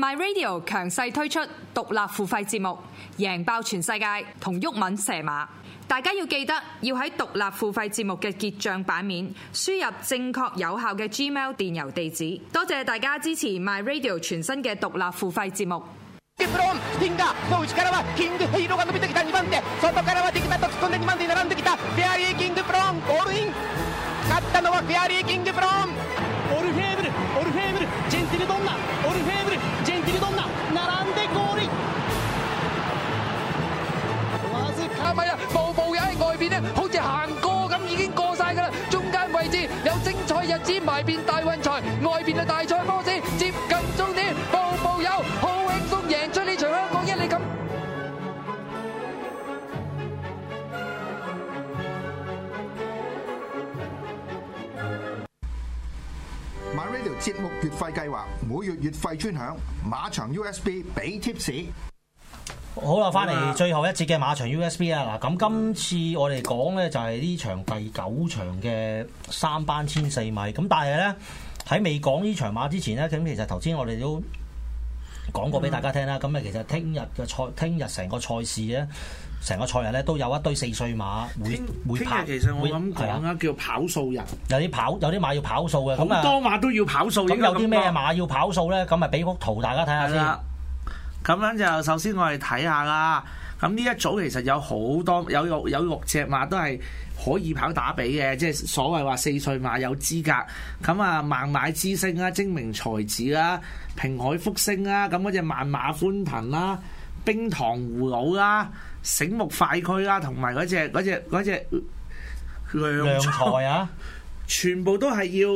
My Radio 強勢推出獨立付費節目，贏爆全世界同毓民射馬。大家要記得要喺獨立付費節目嘅結帳版面輸入正確有效嘅 Gmail 電郵地址。多謝大家支持 My Radio 全新嘅獨立付費節目。 唔係啊！步步友喺外邊咧，好似行過咁已經過曬㗎啦。中間位置有精彩日子埋邊大運財，外邊嘅大賽波士接近終點，步步友好輕鬆贏出呢場香港一哩金。My Radio 節目月費計劃，每月月費專享馬場 USB 俾貼士。好啦，翻嚟最後一節嘅馬場 USB 啦。嗱，咁今次我哋講咧就係、是、呢場第九場嘅三班千四米。咁但係咧，喺未講呢場馬之前咧，咁其實頭先我哋都講過俾大家聽啦。咁啊，其實聽日嘅賽，聽日成個賽事咧，成個賽日咧都有一堆四歲馬會會天跑。聽日其實我諗講咧叫跑數人。有啲跑，有啲馬要跑數嘅。咁多馬都要跑數，咁有啲咩馬要跑數咧？咁咪俾幅圖大家睇下先。咁樣就首先我哋睇下啦。咁呢一組其實有好多有六有六隻馬都係可以跑打比嘅，即係所謂話四歲馬有資格。咁啊，萬馬之星啦，精明才子啦，平海福星啦，咁嗰隻萬馬歡騰啦，冰糖葫蘆啦，醒目快驅啦，同埋嗰隻嗰隻嗰隻良才啊！全部都係要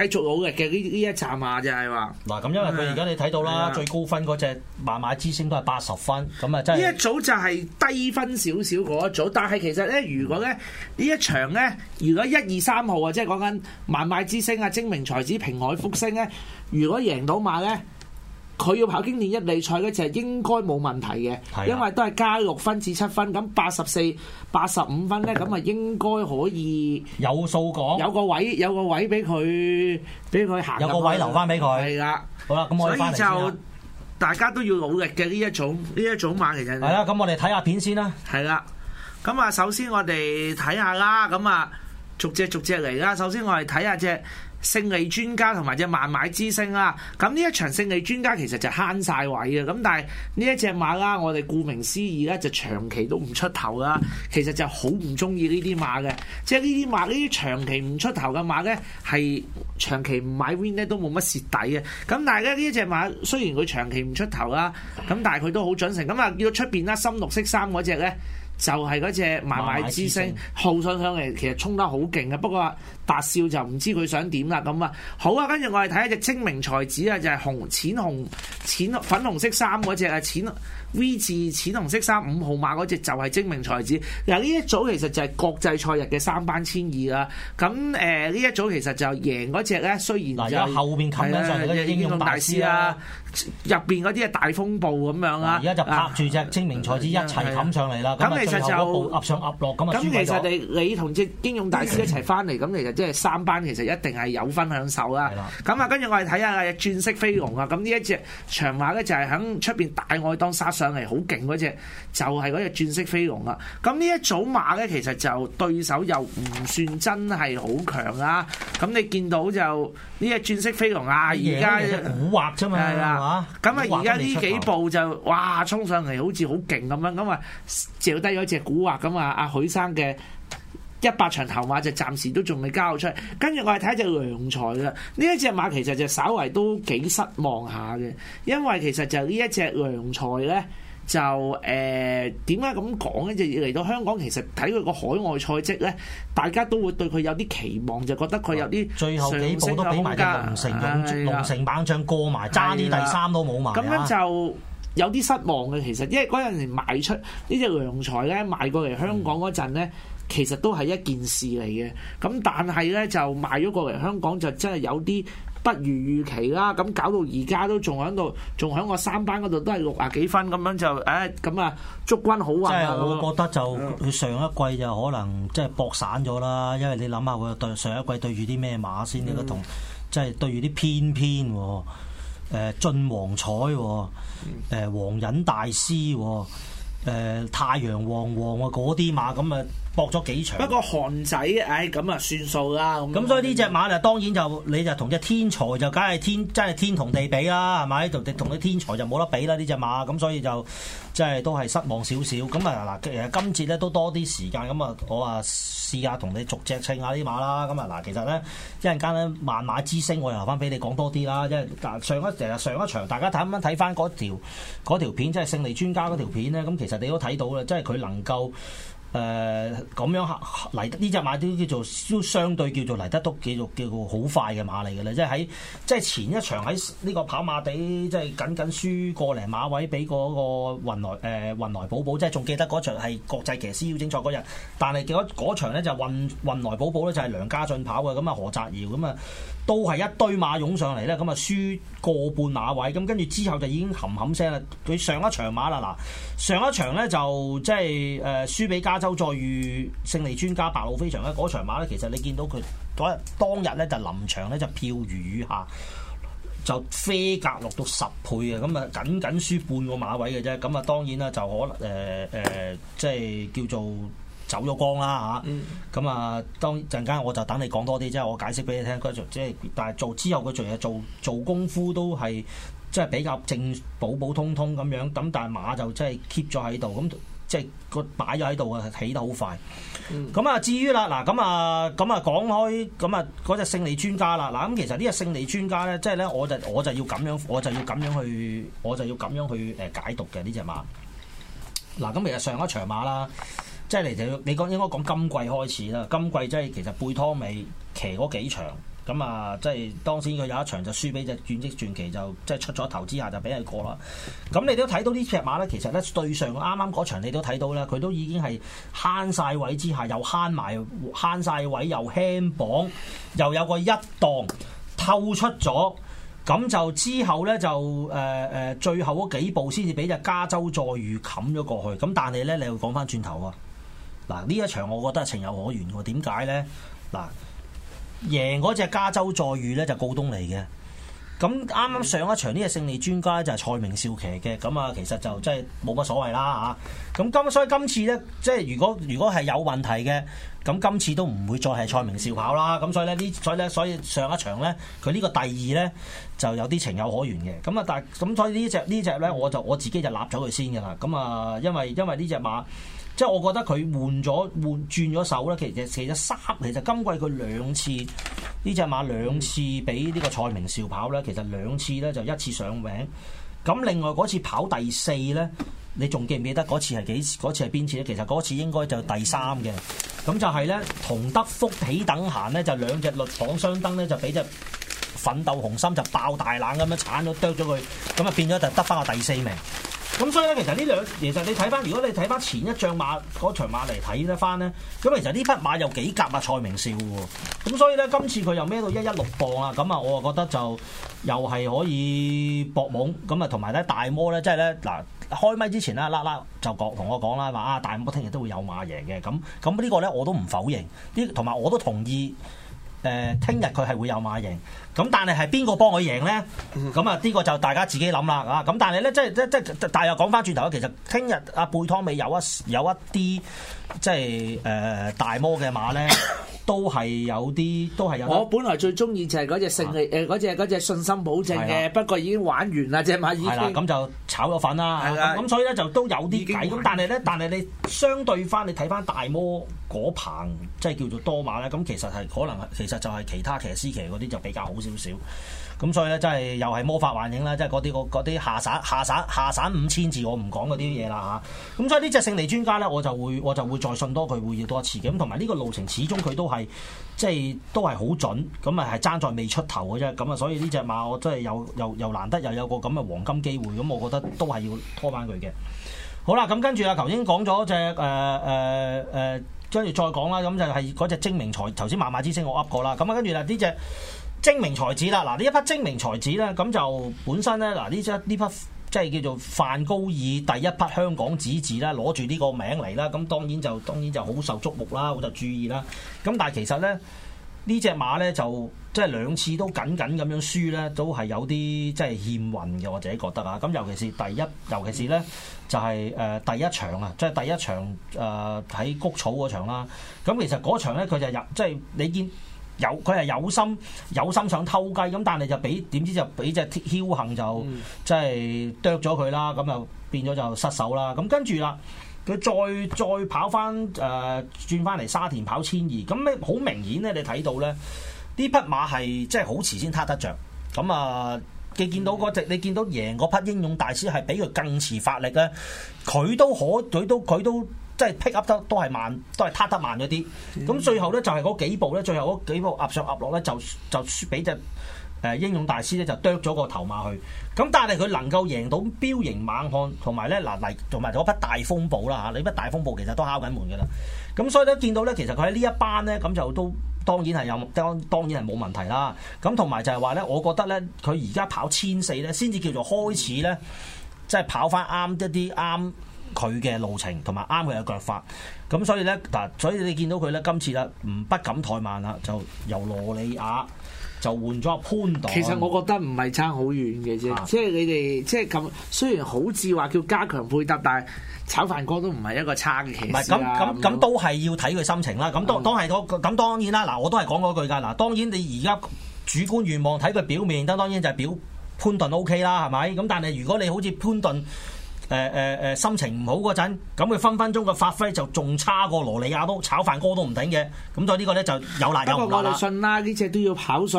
繼續努力嘅呢呢一站啊，就係話。嗱咁，因為佢而家你睇到啦，的最高分嗰隻萬馬之星都係八十分，咁啊真係。呢一組就係低分少少嗰一組，但係其實咧，如果咧呢一場咧，如果一二三號啊，即係講緊萬馬之星啊、精明才子、平海福星咧，如果贏到馬咧。佢要跑經典一哩賽嗰隻應該冇問題嘅，啊、因為都係加六分至七分，咁八十四、八十五分咧，咁啊應該可以有數講，有個位，有個位俾佢俾佢行，有個位留翻俾佢。係啦、啊，好啦，咁我翻嚟先啦。所以就大家都要努力嘅呢一種呢一種馬其實。係啦、啊，咁我哋睇下片先啦、啊。係啦、啊，咁啊首先我哋睇下啦，咁啊逐隻逐隻嚟啦。首先我哋睇下隻。勝利專家同埋隻萬買之星啊，咁呢一場勝利專家其實就慳晒位啊，咁但係呢一隻馬啦，我哋顧名思義咧就長期都唔出頭啦，其實就好唔中意呢啲馬嘅，即係呢啲馬呢啲長期唔出頭嘅馬咧，係長期唔買 win 咧都冇乜蝕底嘅，咁但係咧呢一隻馬雖然佢長期唔出頭啦，咁但係佢都好準成，咁啊要出邊啦深綠色衫嗰隻咧。就係嗰隻買賣之星，賣賣之號想上嚟，其實衝得好勁嘅。不過白少就唔知佢想點啦。咁啊，好啊，跟住我哋睇一隻精明才子啊，就係、是、紅、淺紅、淺粉紅色衫嗰隻啊，淺。V 字淺紅色衫，五號碼嗰隻就係精明才子，嗱呢一組其實就係國際賽日嘅三班千二啦。咁誒呢一組其實就贏嗰隻咧，雖然嗱、就係、後邊冚緊上嗰啲英勇大師啦、啊，入邊嗰啲啊大風暴咁樣啦，而家就拍住隻精明才子一齊冚上嚟啦。咁其最上上下下就鴨上鴨落咁啊輸咗。咁其實你你同隻英勇大師一齊翻嚟，咁其實即係三班其實一定係有分享受啦。咁啊跟住我哋睇下啊，鑽石飛龍啊，咁呢一隻長馬咧就係響出邊大外當殺。上嚟好勁嗰隻就係嗰隻鑽色飛龍啦，咁呢一組馬咧其實就對手又唔算真係好強啊。咁你見到就呢隻鑽色飛龍啊，而家在古惑啫嘛，係啊，咁啊而家呢幾步就哇衝上嚟好似好勁咁樣，咁啊掉低咗隻古惑咁啊，阿許生嘅。一百場頭馬就暫時都仲未交出，跟住我係睇一隻良才嘅，呢一隻馬其實就稍微都幾失望下嘅，因為其實就呢一隻良才咧，就誒點解咁講咧？就嚟到香港，其實睇佢個海外賽績咧，大家都會對佢有啲期望，就覺得佢有啲最後幾步都俾埋啲龍成城、龍城猛將過埋，爭啲的第三都冇埋。咁樣就有啲失望嘅，其實因為嗰陣時賣出隻呢隻良才咧，賣過嚟香港嗰陣咧。其實都係一件事嚟嘅，咁但係咧就賣咗過嚟香港就真係有啲不如預期啦，咁搞到而家都仲喺度，仲喺我三班嗰度都係六啊幾分咁樣就，誒咁啊，祝君好運啊！我覺得就佢、嗯、上一季就可能即係搏散咗啦，因為你諗下佢對上一季對住啲咩馬先，呢個同即係對住啲偏偏，誒晉皇彩，誒黃隱大師，誒太陽黃黃啊嗰啲馬咁啊！搏咗幾場，不過韓仔，唉、哎，咁啊算數啦。咁、嗯，嗯、所以呢隻馬咧，當然就你就同隻天才就梗係天，真係天同地比啦，係咪？就同啲天才就冇得比啦，呢隻馬。咁所以就即係都係失望少少。咁啊嗱，今次咧都多啲時間。咁啊，我啊試下同你逐隻稱下啲馬啦。咁啊嗱，其實咧一陣間咧萬馬之星我又留翻俾你講多啲啦。因為上一成日上一場，大家睇啱啱睇翻嗰條片，即係勝利專家嗰條片咧。咁其實你都睇到啦，即係佢能夠。誒咁、呃、樣嚟呢隻馬都叫做都相對叫做嚟得都叫做叫做好快嘅馬嚟嘅咧，即係喺即係前一場喺呢個跑馬地，即係僅僅輸個零馬位俾嗰個雲來誒、呃、雲來寶寶，即係仲記得嗰場係國際騎師邀請賽嗰日，但係嗰嗰場咧就雲雲來寶寶呢，就係梁家俊跑嘅，咁啊何澤堯咁啊。都係一堆馬湧上嚟咧，咁啊輸過半馬位，咁跟住之後就已經冚冚聲啦。佢上一場馬啦，嗱上一場咧就即係誒輸俾加州再遇勝利專家白路飛翔咧，嗰場馬咧其實你見到佢日當日咧就是、臨場咧就票如雨下，就飛格落到十倍嘅，咁啊僅僅輸半個馬位嘅啫，咁啊當然啦就可能誒誒即係叫做。走咗光啦嚇，咁啊，當陣間我就等你講多啲即係，我解釋俾你聽。即係，但係做之後做，佢做嘢做做功夫都係即係比較正，普普通通咁樣。咁但係馬就即係、就是、keep 咗喺度，咁即係個擺咗喺度啊，起得好快。咁啊、嗯，至於啦，嗱，咁啊，咁啊，講開，咁啊，嗰隻勝利專家啦，嗱，咁其實呢隻勝利專家咧，即係咧，我就我就要咁樣，我就要咁樣去，我就要咁樣去誒解讀嘅呢隻馬。嗱，咁其實上一場馬啦。即係嚟，就你講應該講今季開始啦，今季即係其實貝湯美騎嗰幾場，咁、嗯、啊即係當時佢有一場就輸俾隻轉積傳奇，就即係出咗頭之下，就俾佢過啦。咁、嗯、你都睇到呢隻馬咧，其實咧對上啱啱嗰場你都睇到啦，佢都已經係慳晒位之下，又慳埋慳晒位，又輕磅，又有個一檔透出咗，咁、嗯、就之後咧就誒誒、呃呃、最後嗰幾步先至俾隻加州再遇冚咗過去。咁但係咧，你又講翻轉頭啊？嗱，呢一場我覺得情有可原喎，點解呢？嗱，贏嗰隻加州再遇呢，就告東尼嘅，咁啱啱上一場呢隻勝利專家就係蔡明紹騎嘅，咁啊其實就即係冇乜所謂啦嚇。咁今所以今次呢，即係如果如果係有問題嘅，咁今次都唔會再係蔡明紹跑啦。咁所以咧呢，所以咧所以上一場呢，佢呢個第二呢，就有啲情有可原嘅。咁啊，但咁所以呢隻呢隻呢，我就我自己就立咗佢先嘅啦。咁啊，因為因為呢隻馬。即係我覺得佢換咗換轉咗手啦，其實其實三其實今季佢兩次呢隻馬兩次俾呢個蔡明紹跑咧，其實兩次咧就一次上名，咁另外嗰次跑第四咧，你仲記唔記得嗰次係幾嗰次係邊次咧？其實嗰次應該就第三嘅，咁就係咧同德福起等閒咧就兩隻劣坊相爭咧就俾隻奮鬥紅心就爆大冷咁樣踩到啄咗佢，咁啊變咗就得返個第四名。咁所以咧，其實呢兩，其實你睇翻，如果你睇翻前一仗馬嗰場馬嚟睇得翻咧，咁其實呢匹馬又幾夾啊，蔡明少喎，咁所以咧，今次佢又孭到一一六磅啊，咁啊，我就覺得就又係可以搏懵。咁啊，同埋咧大摩咧，即係咧嗱，開咪之前咧，拉拉就講同我講啦，話啊大摩聽日都會有馬贏嘅，咁咁呢個咧我都唔否認，啲同埋我都同意。誒，聽日佢係會有馬贏，咁但係係邊個幫佢贏咧？咁啊，呢個就大家自己諗啦，啊！咁但係咧，即係即即，但係又講翻轉頭，其實聽日阿貝湯美有一有一啲即係誒、呃、大魔嘅馬咧。 都係有啲，都係有。我本來最中意就係嗰隻勝利，誒嗰、啊欸、隻，隻信心保證嘅，的欸、不過已經玩完啦，隻馬的已經。係啦，咁就炒咗份啦。係啦的，咁所以咧就都有啲計。咁但係咧，但係你相對翻，你睇翻大摩嗰棚，即係叫做多馬咧，咁其實係可能係，其實就係其他騎師騎嗰啲就比較好少少。咁所以咧，真係又係魔法幻影啦，即係嗰啲啲下省下省下省五千字我，我唔講嗰啲嘢啦嚇。咁所以呢隻勝利專家咧，我就會我就會再信多佢，會要多一次嘅。咁同埋呢個路程始終佢都係即係都係好準，咁啊係爭在未出頭嘅啫。咁啊，所以呢隻馬我真係又又又難得又有個咁嘅黃金機會，咁我覺得都係要拖翻佢嘅。好啦，咁跟住啊，頭先講咗隻誒誒誒，跟住再講啦。咁就係嗰隻精明才頭先萬馬之星我噏過啦。咁啊，跟住啊呢隻。精明才子啦，嗱呢一匹精明才子咧，咁就本身咧，嗱呢隻呢匹即係叫做范高爾第一匹香港子嗣啦，攞住呢個名嚟啦，咁當然就當然就好受矚目啦，我就注意啦。咁但係其實咧呢隻馬咧就即係兩次都緊緊咁樣輸咧，都係有啲即係欠運嘅，我自己覺得啊。咁尤其是第一，尤其是咧就係、是、誒、呃、第一場啊，即、就、係、是、第一場誒喺谷草嗰場啦。咁其實嗰場咧佢就入、是，即係你見。有佢係有心有心想偷雞，咁但係就俾點知就俾隻鐵僥倖就、嗯、即係啄咗佢啦，咁就變咗就失手啦。咁跟住啦，佢再再跑翻誒、呃、轉翻嚟沙田跑千二，咁咧好明顯咧，你睇到咧呢匹馬係即係好遲先撻得着。咁啊既見到嗰隻，嗯、你見到贏嗰匹英勇大師係比佢更遲發力咧，佢都可，佢都佢都。即係 pick up 得都係慢，都係撻得慢咗啲。咁、嗯、最後咧就係嗰幾步咧，最後嗰幾步壓上壓，壓落咧，就就俾隻誒英勇大師咧就啄咗個頭馬去。咁但係佢能夠贏到彪形猛漢，同埋咧嗱嚟，同埋嗰匹大風暴啦嚇。你匹大風暴其實都敲緊門㗎啦。咁所以咧見到咧，其實佢喺呢一班咧，咁就都當然係有，當當然係冇問題啦。咁同埋就係話咧，我覺得咧，佢而家跑千四咧，先至叫做開始咧，即係跑翻啱一啲啱。佢嘅路程同埋啱佢嘅腳法，咁所以咧嗱，所以你見到佢咧今次咧唔不敢怠慢啦，就由羅里亞就換咗潘頓。其實我覺得唔係差好遠嘅啫是的，即係你哋即係咁，雖然好似話叫加強配搭，但係炒飯哥都唔係一個差嘅。唔係咁咁咁，都係要睇佢心情啦。咁、嗯、當當係咁咁當然啦。嗱，我都係講嗰句㗎。嗱，當然你而家主觀願望睇佢表面，當然就係表潘頓 O K 啦，係咪？咁但係如果你好似潘頓。誒誒誒，心情唔好嗰陣，咁佢分分鐘個發揮就仲差過羅里亞，都炒飯哥都唔頂嘅，咁所以呢個咧就有難有難啦。不過我哋信啦，呢隻都要跑數。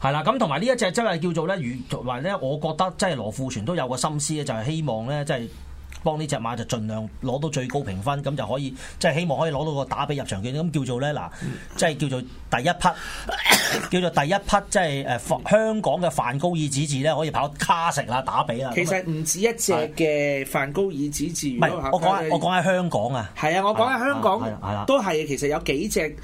係啦，咁同埋呢一隻真係叫做咧，如同埋咧，我覺得即係羅富全都有個心思咧，就係、是、希望咧，即係。幫呢隻馬就盡量攞到最高評分，咁就可以即係希望可以攞到個打比入場券，咁叫做咧嗱，即係叫做第一匹， 叫做第一匹，即係誒，香港嘅梵高二子字范高爾子嗣咧可以跑卡石啦，打比啦。其實唔止一隻嘅范高爾子嗣。唔係，我講你我講喺香港啊。係啊，我講喺香港，都係其實有幾隻，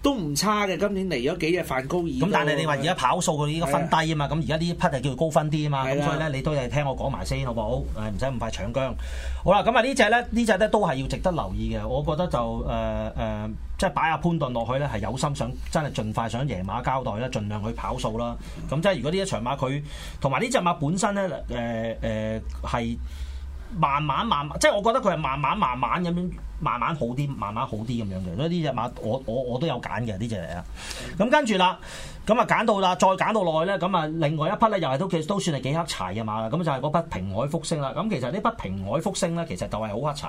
都唔差嘅，今年嚟咗幾日范高爾？咁但係你話而家跑數佢啲分低啊嘛，咁而家啲匹係叫高分啲啊嘛，咁是的 所以咧你都係聽我講埋先好唔好？係唔使咁快搶姜。好啦，咁啊呢隻咧，隻呢隻咧都係要值得留意嘅。我覺得就誒誒、呃呃，即係擺阿潘頓落去咧，係有心想真係盡快想贏馬交代啦，儘量去跑數啦。咁的即係如果呢一場馬佢同埋呢隻馬本身咧，誒誒係。呃慢慢慢慢，即係我覺得佢係慢慢慢慢咁樣，慢慢好啲，慢慢好啲咁樣嘅。所以呢隻馬我，我我我都有揀嘅呢隻嚟啊。咁跟住啦，咁啊揀到啦，再揀到耐咧，咁啊另外一匹咧，又係都都算係幾黑柴嘅馬啦。咁就係嗰匹平海福星啦。咁其實呢匹平海福星咧，其實就係好黑柴。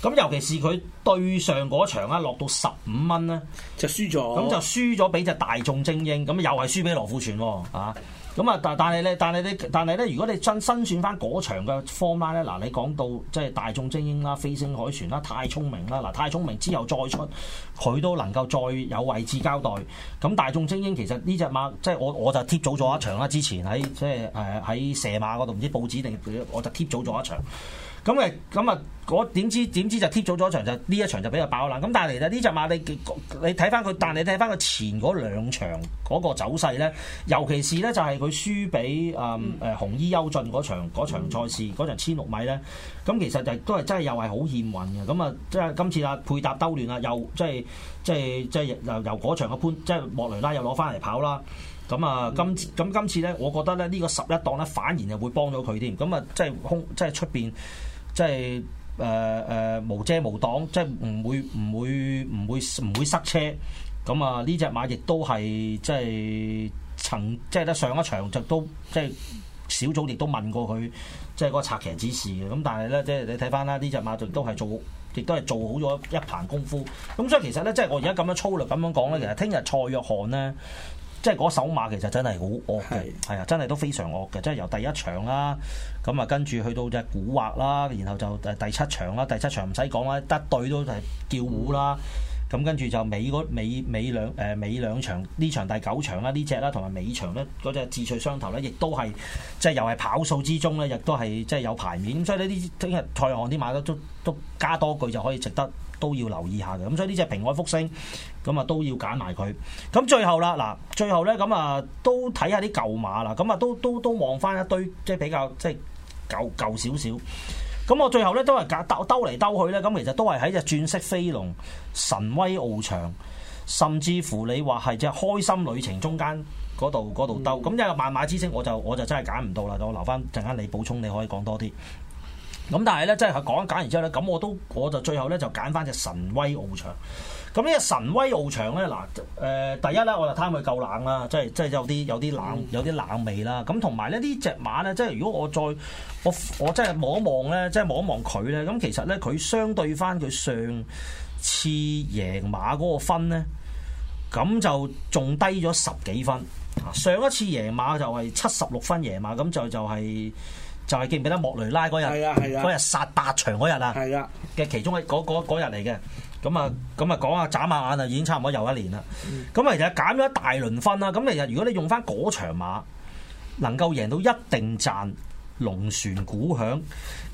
咁尤其是佢對上嗰場啊，落到十五蚊咧，就輸咗。咁就輸咗俾隻大眾精英，咁又係輸俾羅富全啊。啊咁啊，但但係咧，但係你，但係咧，如果你新新選翻嗰場嘅 form 咧，嗱，你講到即係大眾精英啦、飛星海船啦、太聰明啦，嗱，太聰明之後再出，佢都能夠再有位置交代。咁大眾精英其實呢隻馬，即係我我就貼早咗一場啦，之前喺即係誒喺射馬嗰度，唔知報紙定，我就貼早咗一場。咁誒，咁啊，我點知點知就貼咗咗場就呢一場就比較爆冷。咁但係嚟啦，呢隻馬你你睇翻佢，但，但，但，但，但，但，但，但你睇翻佢前嗰兩場嗰個走勢咧，尤其是咧就係佢輸俾誒誒紅衣優進嗰場嗰場賽事嗰場千六米咧。咁其實就都係真係又係好欠運嘅。咁啊，即係今次啊配搭兜亂啊，又即係即係即係又又嗰場嘅潘即係、就是、莫雷拉又攞翻嚟跑啦。咁啊今咁今次咧，我覺得咧呢個十一檔咧反而係會幫到佢添。咁啊，即係空即係出邊。即係誒誒無遮無擋，即係唔會唔會唔會唔會塞車。咁啊，呢隻馬亦都係即係曾即係咧上一場就都即係小組亦都問過佢即係嗰個策騎指示嘅。咁但係咧，即係你睇翻啦，呢隻馬就都係做，亦都係做好咗一棚功夫。咁所以其實咧，即係我而家咁樣粗略咁樣講咧，其實聽日蔡約翰咧。即係嗰首馬其實真係好惡嘅，係啊的，真係都非常惡嘅。即係由第一場啦，咁啊跟住去到隻古惑啦，然後就第七場啦，第七場唔使講啦，得對都係叫胡啦。咁、嗯、跟住就尾尾尾兩誒尾、呃、兩場呢場第九場啦，呢隻啦同埋尾場咧嗰隻智趣雙頭咧，亦都係即係又係跑數之中咧，亦都係即係有排面。所以呢啲聽日賽駒啲馬都都都加多句就可以值得。都要留意下嘅，咁、嗯、所以呢隻平安福星，咁、嗯、啊都要揀埋佢。咁、嗯、最後啦，嗱，最後咧，咁、嗯、啊都睇下啲舊馬啦，咁、嗯、啊都都都望翻一堆，即係比較即係舊舊少少。咁、嗯、我、嗯、最後咧都係揀兜兜嚟兜去咧，咁其實都係喺隻鑽色飛龍、神威傲翔，甚至乎你話係隻開心旅程中間嗰度嗰度兜。咁、嗯嗯嗯、因為萬馬之星，我就我就，我就真係揀唔到啦，我留翻陣間你補充，你可以講多啲。咁、嗯、但係咧，即係佢講一揀完之後咧，咁我都我就最後咧就揀翻隻神威傲翔。咁呢隻神威傲翔咧，嗱誒、呃，第一咧我就貪佢夠冷啦，即係即係有啲有啲冷有啲冷味啦。咁同埋咧呢隻馬咧，即係如果我再我我即係望一望咧，即係望一望佢咧，咁其實咧佢相對翻佢上次贏馬嗰個分咧，咁就仲低咗十幾分。上一次贏馬就係七十六分贏馬，咁就就係、是。就係記唔記得莫雷拉嗰日，嗰日殺八場嗰日啊，嘅、啊啊啊、其中嘅嗰日嚟嘅。咁啊，咁啊講下眨下眼啊，已經差唔多又一年啦。咁啊，其實減咗一大輪分啦。咁其實如果你用翻嗰場馬，能夠贏到一定賺龍船鼓響。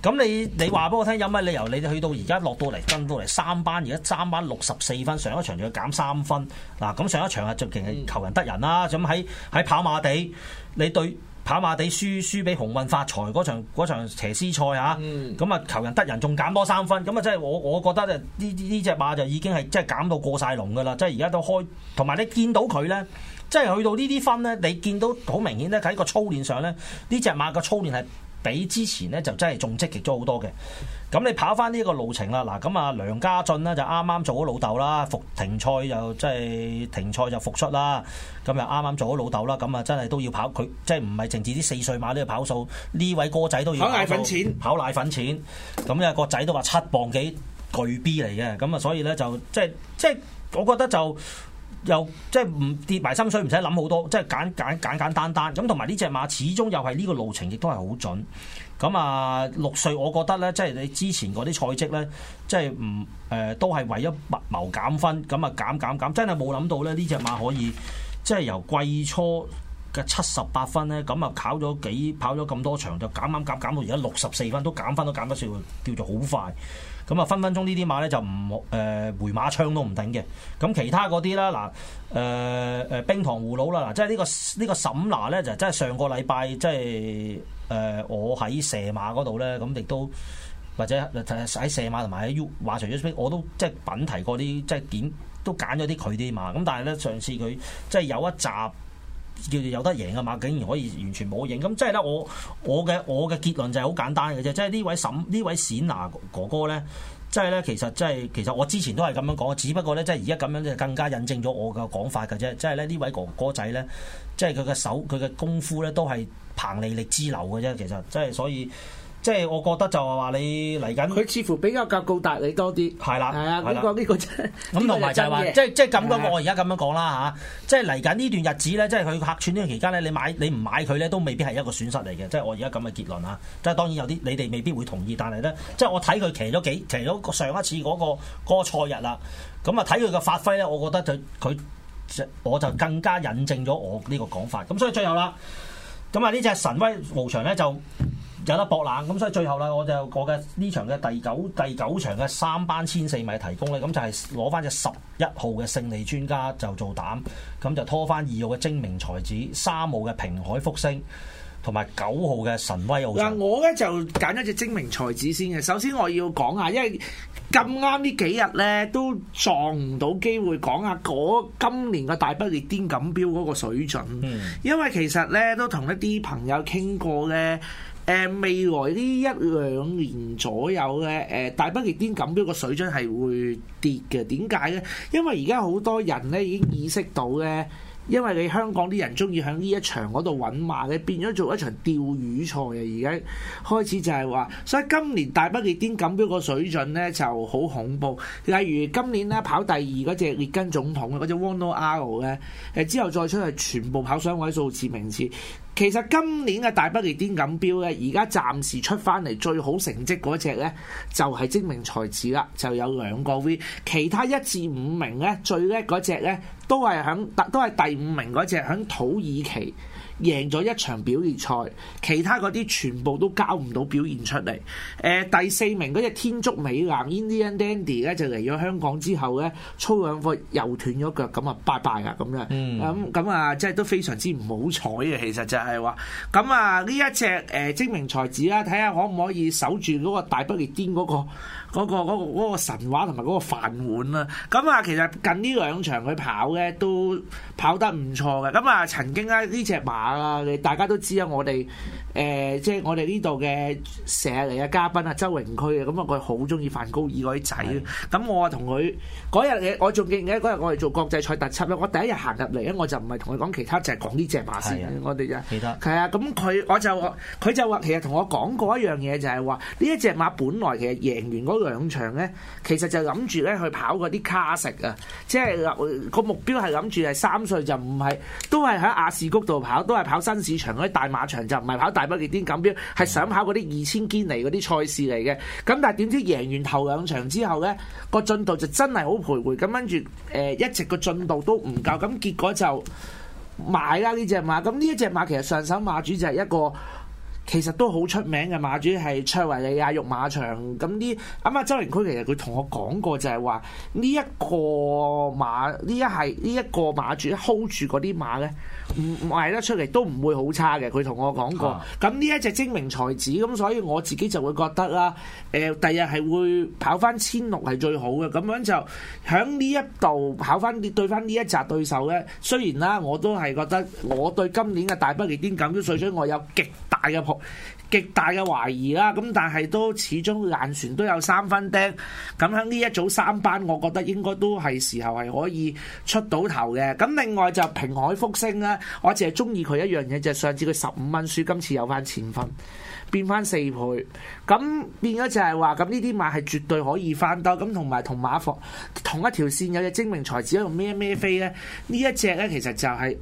咁你你話俾我聽，有乜理由你哋去到而家落到嚟跟到嚟三班？而家三班六十四分，上一場仲要減三分嗱。咁上一場係直情係求人得人啦。咁喺喺跑馬地，你對？跑馬地輸輸俾鴻運發財嗰場斜場騎師賽嚇，咁啊求人得人仲減多三分，咁啊即係我我覺得咧，呢呢隻馬就已經係即係減到過晒龍㗎啦，即係而家都開，同埋你見到佢咧，即係去到呢啲分咧，你見到好明顯咧，喺個操練上咧，呢隻馬個操練係。比之前咧就真係仲積極咗好多嘅，咁你跑翻呢個路程啦，嗱咁啊梁家俊咧就啱啱做咗老豆啦，復停賽又即係停賽就復出啦，咁又啱啱做咗老豆啦，咁啊真係都要跑佢，即係唔係淨止啲四歲馬都要跑數，呢位哥仔都要跑奶粉錢，跑奶粉錢，咁咧個仔都話七磅幾巨 B 嚟嘅，咁啊所以咧就即係即係我覺得就。又即係唔跌埋心水，唔使諗好多，即係簡簡簡簡單單。咁同埋呢隻馬始終又係呢個路程亦都係好準。咁啊六歲，歲我覺得呢，即係你之前嗰啲賽績呢，即係唔誒都係為咗謀減分。咁啊減減減，真係冇諗到咧呢隻馬可以即係由季初嘅七十八分呢，咁啊考咗幾跑咗咁多場，就減減減減到而家六十四分，都減分都減得少，叫做好快。咁啊，分分鐘呢啲馬咧就唔誒、呃、回馬槍都唔頂嘅。咁其他嗰啲啦，嗱誒誒冰糖葫蘆啦，嗱、這個這個，即係呢個呢個沈娜咧，就真係上個禮拜即係誒、呃、我喺射馬嗰度咧，咁亦都或者喺射馬同埋喺 U 馬場 U，我都即係品題過啲即係點都揀咗啲佢啲馬。咁但係咧上次佢即係有一集。叫做有得贏嘅嘛，竟然可以完全冇贏，咁即係咧我我嘅我嘅結論就係好簡單嘅啫，即係呢位呢位閃牙哥哥咧，即係咧其實即係其實我之前都係咁樣講，只不過咧即係而家咁樣就更加印證咗我嘅講法嘅啫，即係咧呢位哥哥仔咧，即係佢嘅手佢嘅功夫咧都係彭利力之流嘅啫，其實即係所以。即係我覺得就係話你嚟緊，佢似乎比較較高達你多啲。係啦的，係啊，咁講呢個真，咁同埋就係話， 即係的即係咁講，我而家咁樣講啦嚇。即係嚟緊呢段日子咧，即係佢客串呢個期間咧，你買你唔買佢咧，都未必係一個損失嚟嘅。即係我而家咁嘅結論啊！即係當然有啲你哋未必會同意，但係咧，即係我睇佢騎咗幾騎咗上一次嗰個嗰個賽日啦。咁啊睇佢嘅發揮咧，我覺得就，佢我就更加引證咗我呢個講法。咁所以最後啦，咁啊呢隻神威無常咧就，就。有得搏冷咁，所以最後咧，我就過嘅呢場嘅第九第九場嘅三班千四米提供咧，咁就係攞翻隻十一號嘅勝利專家就做膽，咁就拖翻二號嘅精明才子、三號嘅平海福星，同埋九號嘅神威奧賽。嗱，我咧就揀一隻精明才子先嘅。首先我要講下，因為咁啱呢幾日咧都撞唔到機會講下嗰今年嘅大不列顛錦標嗰個水準，嗯、因為其實咧都同一啲朋友傾過咧。誒、呃、未來呢一兩年左右咧，誒、呃、大不列顛錦標個水準係會跌嘅。點解咧？因為而家好多人咧已經意識到咧，因為你香港啲人中意喺呢一場嗰度揾馬咧，變咗做一場釣魚賽啊！而家開始就係話，所以今年大不列顛錦標個水準咧就好恐怖。例如今年咧跑第二嗰隻列根總統嗰隻 Oneo Arrow 咧，誒、呃、之後再出去，全部跑雙位數字名次。.其實今年嘅大不列顛錦標咧，而家暫時出翻嚟最好成績嗰隻咧，就係、是、精明才子啦，就有兩個 V。其他一至五名咧，最叻嗰隻咧，都係響都係第五名嗰隻，響土耳其。贏咗一場表演賽，其他嗰啲全部都交唔到表現出嚟。誒、呃、第四名嗰隻、那個、天竺美男 Indian Dandy 咧，就嚟咗香港之後咧，操兩課又斷咗腳，咁啊拜拜啊咁樣、嗯嗯、樣。咁咁啊，即係都非常之唔好彩嘅。其實就係話，咁啊呢一隻誒、呃、精明才子啦，睇下可唔可以守住嗰個大不列顛嗰、那個。嗰、那個嗰、那個、神話同埋嗰個飯碗啦，咁啊其實近呢兩場佢跑咧都跑得唔錯嘅，咁啊曾經咧呢隻馬啊，大家都知啊，呃就是、我哋誒即係我哋呢度嘅社嚟嘅嘉賓啊，周榮區啊，咁啊佢好鍾意范高爾嗰啲仔，咁是的 我啊同佢嗰日嘅，我仲記緊嗰日我哋做國際賽特輯咧，我第一日行入嚟咧我就唔係同佢講其他，就係、是、講呢隻馬先，的我哋其他，係啊，咁佢我就佢就話其實同我講過一樣嘢，就係話呢一隻馬本來其實贏完嗰、那個。兩場呢，其實就諗住咧去跑嗰啲卡石啊，即係個目標係諗住係三歲就唔係，都係喺亞視谷度跑，都係跑新市場嗰啲大馬場，就唔係跑大不列顛錦標，係想跑嗰啲二千堅尼嗰啲賽事嚟嘅。咁但係點知贏完頭兩場之後呢，個進度就真係好徘徊，咁跟住誒一直個進度都唔夠，咁結果就買啦呢隻馬。咁呢一隻馬其實上手馬主就係一個。其實都好出名嘅馬主係卓維里亞玉馬場，咁呢啱啊周靈區其實佢同我講過，就係話呢一個馬呢，一係呢一個馬主 hold 住嗰啲馬呢，唔賣得出嚟都唔會好差嘅。佢同我講過，咁呢、啊、一隻精明才子，咁所以我自己就會覺得啦、啊，誒第日係會跑翻千六係最好嘅，咁樣就喺呢一度跑翻對翻呢一紮對手呢。雖然啦，我都係覺得我對今年嘅大不列顛咁樣賽事我有極大嘅極大嘅懷疑啦，咁但係都始終眼船都有三分釘，咁喺呢一組三班，我覺得應該都係時候係可以出到頭嘅。咁另外就平海福星啦，我淨係中意佢一樣嘢，就係上次佢十五蚊輸，今次有翻錢分，變翻四倍，咁變咗就係話咁呢啲馬係絕對可以翻兜，咁同埋同馬房同一條線有隻精明才子喺度咩咩飛呢？呢一隻呢，其實就係、是。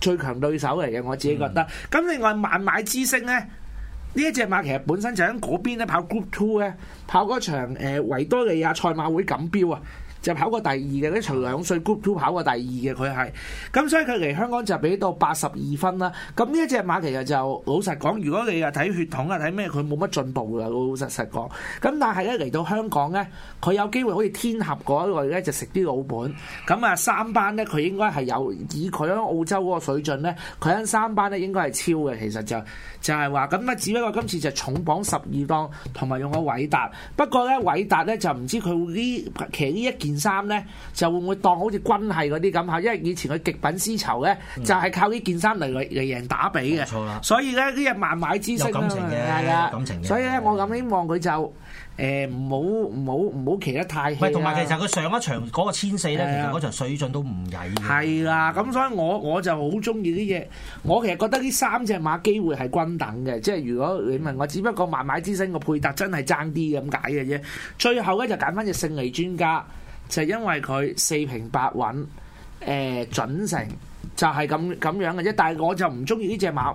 最強對手嚟嘅，我自己覺得。咁另外萬買之星呢，呢一隻馬其實本身就喺嗰邊咧跑 group two 咧，跑嗰場誒維多利亞賽馬會錦標啊。就跑過第二嘅，嗰啲從兩歲 group 都跑過第二嘅，佢係咁，所以佢嚟香港就俾到八十二分啦。咁呢一隻馬其實就老實講，如果你又睇血統啊睇咩，佢冇乜進步噶，老老實實講。咁但係咧嚟到香港咧，佢有機會好似天合嗰一位咧就食啲老本。咁啊三班咧佢應該係有，以佢喺澳洲嗰個水準咧，佢喺三班咧應該係超嘅。其實就就係話咁啊，只不過今次就重磅十二磅，同埋用個偉達。不過咧偉達咧就唔知佢呢騎呢一件衫咧就會唔會當好似軍系嗰啲咁嚇？因為以前佢極品絲綢咧就係、是、靠呢件衫嚟嚟贏打比嘅。嗯、所以咧呢隻萬買之星，感情嘅，係啦的，感情嘅。的情所以咧，我咁希望佢就誒唔好唔好唔好騎得太輕。同埋其實佢上一場嗰個千四咧，的其實嗰場水準都唔曳。係啦，咁所以我我就好中意啲嘢。我其實覺得呢三隻馬機會係均等嘅，即係如果你問我，只不過萬買之星個配搭真係爭啲咁解嘅啫。最後咧就揀翻隻勝利專家。就係因為佢四平八穩，誒、呃、準成就係咁咁樣嘅啫。但係我就唔中意呢隻馬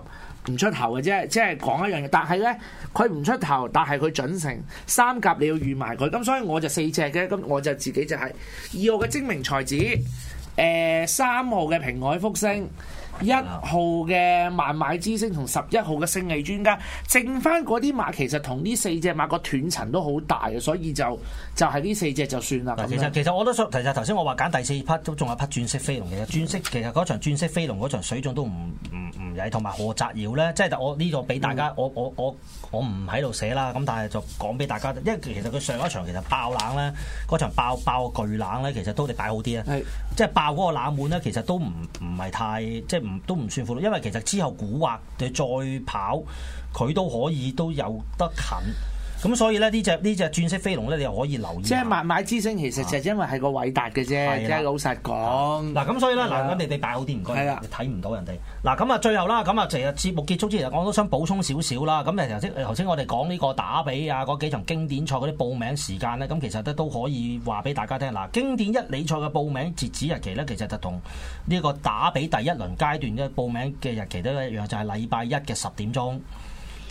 唔出頭嘅啫，即係講一樣。但係呢，佢唔出頭，但係佢準成三甲，你要預埋佢。咁所以我就四隻嘅，咁我就自己就係、是、二號嘅精明才子，誒、呃、三號嘅平海福星。一、嗯、號嘅萬買之星同十一號嘅勝利專家，剩翻嗰啲馬其實同呢四隻馬個斷層都好大嘅，所以就就係、是、呢四隻就算啦。其實其實我都想，其實頭先我話揀第四匹都仲有匹鑽色飛龍，嘅實鑽色其實嗰場鑽色飛龍嗰場水準都唔唔唔曳，同埋何澤堯咧，即係我呢、這個俾大家，嗯、我我我我唔喺度寫啦，咁但係就講俾大家，因為其實佢上一場其實爆冷咧，嗰場爆爆巨冷咧的，其實都你擺好啲啊，即係爆嗰個冷門咧，其實都唔唔係太即。唔都唔算負咯，因為其實之後股劃再跑，佢都可以都有得近。咁所以咧，呢隻呢隻鑽色飛龍咧，你又可以留意。即係買買之星，其實就因為係個偉達嘅啫。啊、即係老實講。嗱咁、啊、所以咧，嗱咁、啊、你哋擺好啲唔該，睇唔、啊、到人哋。嗱咁啊，最後啦，咁啊，其實節目結束之前，我都想補充少少啦。咁其實即係頭先我哋講呢個打比啊，嗰幾場經典賽嗰啲報名時間咧，咁其實都可以話俾大家聽。嗱、啊，經典一哩賽嘅報名截止日期咧，其實就同呢個打比第一輪階段嘅報名嘅日期都一樣，就係禮拜一嘅十點鐘。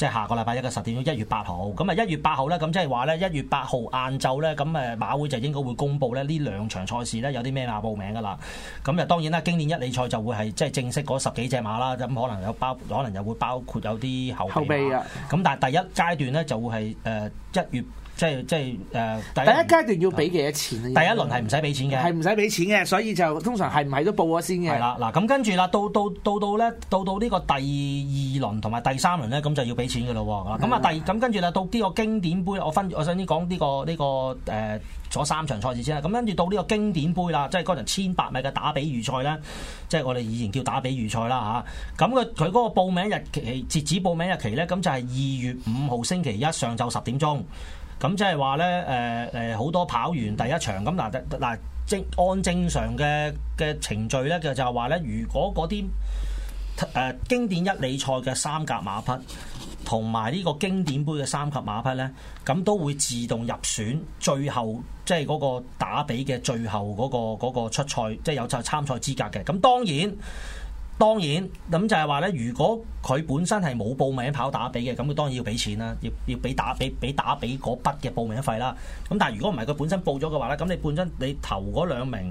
即係下個禮拜一嘅十點鐘，一月八號。咁啊，一月八號咧，咁即係話咧，一月八號晏晝咧，咁誒馬會就應該會公布咧呢兩場賽事咧有啲咩馬報名噶啦。咁又當然啦，經典一哩賽就會係即係正式嗰十幾隻馬啦。咁可能有包括，可能又會包括有啲後備馬。咁但係第一階段咧就會係誒一月。即係即係誒第一階段要俾幾多錢？第一輪係唔使俾錢嘅，係唔使俾錢嘅，所以就通常係唔係都報咗先嘅。係啦，嗱咁跟住啦，到到到到咧，到到呢個第二輪同埋第三輪咧，咁就要俾錢嘅咯。咁啊，第咁的跟住啦，到呢個經典杯，我分我想先講呢個呢、呢個誒左、呃、三場賽事先啦。咁跟住到呢個經典杯啦，即係嗰場千八百米嘅打比預賽咧，即係我哋以前叫打比預賽啦嚇。咁佢佢嗰個報名日期截止報名日期咧，咁就係二月五號星期一上晝十點鐘。咁即係話呢，誒誒好多跑完第一場咁，嗱，嗱正按正常嘅嘅程序呢，就就係話咧，如果嗰啲誒經典一哩賽嘅三甲馬匹同埋呢個經典杯嘅三甲馬匹呢，咁都會自動入選最後，即係嗰個打比嘅最後嗰個出賽，即係有參參賽資格嘅。咁當然。當然，咁就係話咧，如果佢本身係冇報名跑打比嘅，咁佢當然要俾錢啦，要要俾打比俾打比嗰筆嘅報名費啦。咁但係如果唔係佢本身報咗嘅話咧，咁你本身你頭嗰兩名。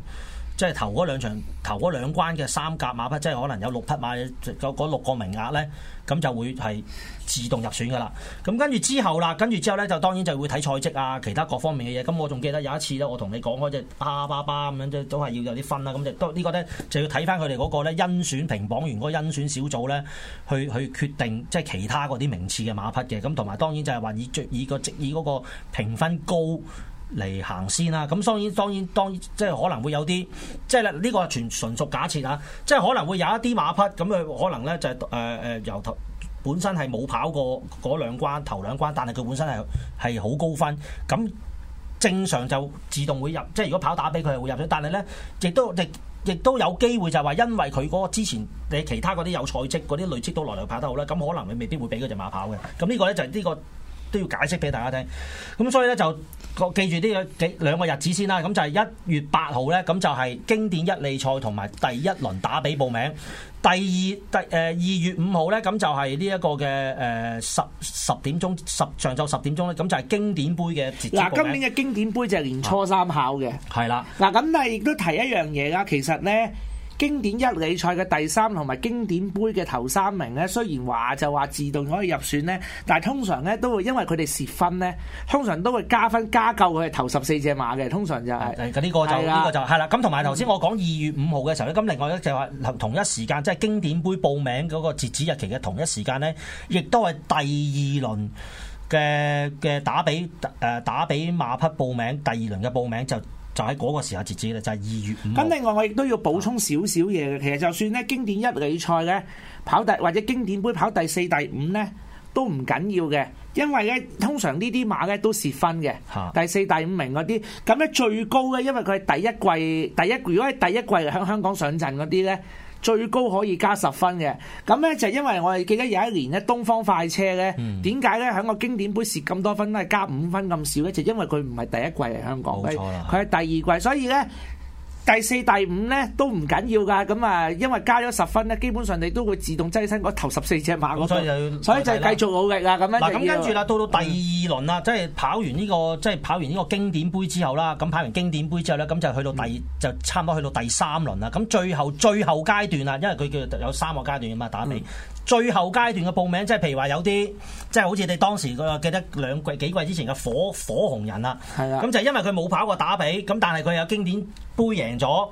即係頭嗰兩場、頭嗰兩關嘅三甲馬匹，即係可能有六匹馬，有嗰六個名額咧，咁就會係自動入選㗎啦。咁跟住之後啦，跟住之後咧，就當然就會睇賽績啊，其他各方面嘅嘢。咁我仲記得有一次咧，我同你講開隻阿巴巴咁樣，都都係要有啲分啦。咁就都呢個咧就要睇翻佢哋嗰個咧甄選評榜員嗰個甄選小組咧，去去決定即係其他嗰啲名次嘅馬匹嘅。咁同埋當然就係話以以，以、嗰個即係以嗰個評分高。嚟行先啦，咁當然當然當然，即係可能會有啲，即係咧呢個全純屬假設啊！即係可能會有一啲馬匹咁佢可能咧就係誒誒由頭本身係冇跑過嗰兩關頭兩關，但係佢本身係係好高分，咁正常就自動會入。即係如果跑打比佢係會入咗，但係咧亦都亦亦都有機會就係話，因為佢嗰之前你其他嗰啲有賽績嗰啲累積都來來去去跑得好啦，咁可能你未必會俾嗰隻馬跑嘅。咁呢個咧就係呢個。都要解釋俾大家聽，咁所以咧就記住呢嘅幾兩個日子先啦。咁就係一月八號咧，咁就係經典一哩賽同埋第一輪打比報名。第二、第誒二月五號咧，咁就係呢一個嘅誒十十點鐘十上晝十點鐘咧，咁就係經典杯嘅節。嗱、啊，今年嘅經典杯就係年初三考嘅。係、啊、啦。嗱、啊，咁但係亦都提一樣嘢啦，其實咧，經典一哩賽嘅第三同埋經典杯嘅頭三名咧，雖然話就話自動可以入選咧，但係通常咧都會因為佢哋蝕分咧，通常都會加分加夠佢哋頭十四隻馬嘅，通常就係、係。咁呢個就呢的個就係啦。咁同埋頭先我講二月五號嘅時候咧，咁另外咧就話同同一時間即係經典杯報名嗰個截止日期嘅同一時間咧，亦都係第二輪嘅嘅打俾誒打俾馬匹報名第二輪嘅報名就。就喺嗰個時候截止咧，就係二月五號。咁另外我亦都要補充少少嘢嘅，其實就算咧經典一哩賽咧跑第或者經典杯跑第四、第五咧都唔緊要嘅，因為咧通常呢啲馬咧都蝕分嘅。第四、第五名嗰啲，咁咧最高咧，因為佢係第一季第一，如果係第一季喺香港上陣嗰啲咧。最高可以加十分嘅，咁呢就因為我哋記得有一年咧，東方快車呢，點解呢？喺個經典杯蝕咁多分，都加五分咁少呢？就因為佢唔係第一季嚟香港嘅，佢係第二季，所以呢。第四、第五咧都唔緊要㗎，咁啊，因為加咗十分咧，基本上你都會自動擠身嗰頭十四隻馬，嗯。所以就，要所以就係繼續努力啊！咁嘛樣咁跟住啦，到到第二輪啦，嗯、即係跑完呢、呢個，即係跑完呢個經典杯之後啦，咁跑完經典杯之後咧，咁就去到第，嗯、就差唔多去到第三輪啦。咁最後最後階段啦，因為佢叫有三個階段㗎嘛，打比。嗯最後階段嘅報名，即係譬如話有啲，即係好似你當時我記得兩季幾季之前嘅火火紅人啦，咁係啊，就係因為佢冇跑過打比，咁但係佢有經典杯贏咗。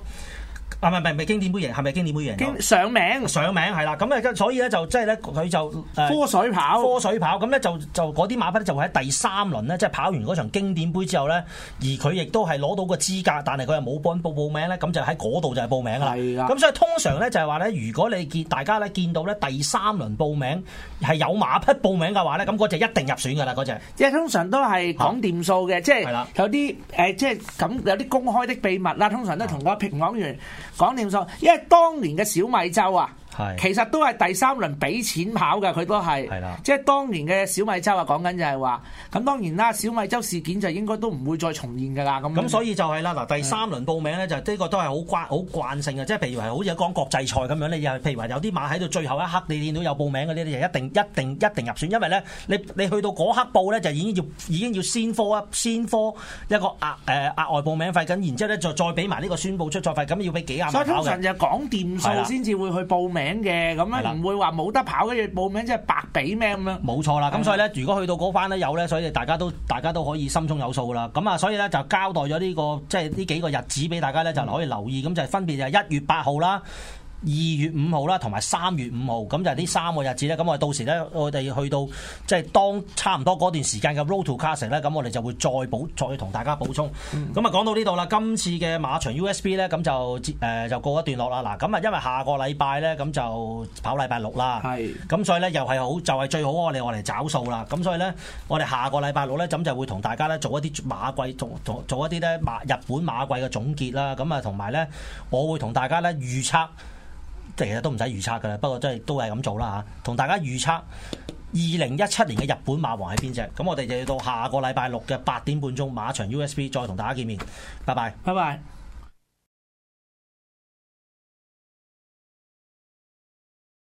啊，唔係唔係，經典杯贏，係咪經典杯贏？上名上名，係啦。咁啊，所以咧，就即係咧，佢就科水跑，科水跑，咁咧，就就嗰啲馬匹就會喺第三輪咧，即係跑完嗰場經典杯之後咧，而佢亦都係攞到個資格，但係佢又冇幫人報名咧，咁就喺嗰度就係報名㗎啦。咁的所以通常咧就係話咧，如果你見大家咧見到咧第三輪報名係有馬匹報名嘅話咧，咁嗰隻一定入選噶啦嗰隻。那個、即係通常都係講掂數嘅的的、呃，即係有啲誒即係咁有啲公開的秘密啦，通常都同個評判員，講掂數，因為當年嘅小米粥啊！其實都係第三輪俾錢跑嘅，佢都係。係啦。即係當年嘅小米洲啊，講緊就係話，咁當然啦，小米洲事件就應該都唔會再重現㗎啦。咁咁所以就係啦，嗱係，第三輪報名呢，就、這、呢個都係好慣好慣性嘅，即係譬如係好似講國際賽咁樣咧，又譬如話有啲馬喺到最後一刻，你見到有報名嗰啲就一定一定一定入選，因為呢，你你去到嗰刻報呢，就已經要已經要先科一先科一個額誒額外報名費咁，然之後咧再再俾埋呢個宣佈出賽費，咁要俾幾廿啊？所以通常就講掂數先至會去報名。係。名嘅咁樣，唔會話冇得跑，跟住報名即係白俾咩咁樣？冇錯啦，咁所以咧，如果去到嗰番都有咧，所以大家都大家都可以心中有數啦。咁啊，所以咧就交代咗呢、這個即係呢幾個日子俾大家咧，就可以留意，咁就分別就係一月八號啦。二月五號啦，同埋三月五號，咁就係呢三個日子咧。咁我哋到時咧，我哋去到即係當差唔多嗰段時間嘅 Road to 卡城咧，咁我哋就會再補再同大家補充。咁啊、嗯、講到呢度啦，今次嘅馬場 USB 咧，咁就誒、呃、就告一段落啦。嗱，咁啊因為下個禮拜咧，咁就跑禮拜六啦。係是。咁所以咧，又係好就係、是、最好我，我哋我嚟找數啦。咁所以咧，我哋下個禮拜六咧，咁就會同大家咧做一啲馬季做做一啲咧馬日本馬季嘅總結啦。咁啊同埋咧，我會同大家咧預測。其實都唔使預測㗎喇，不過即係都係咁做啦嚇、啊，同大家預測二零一七年嘅日本馬王係邊隻？咁我哋就要到下個禮拜六嘅八點半鐘馬場 USB 再同大家見面。拜拜，拜拜。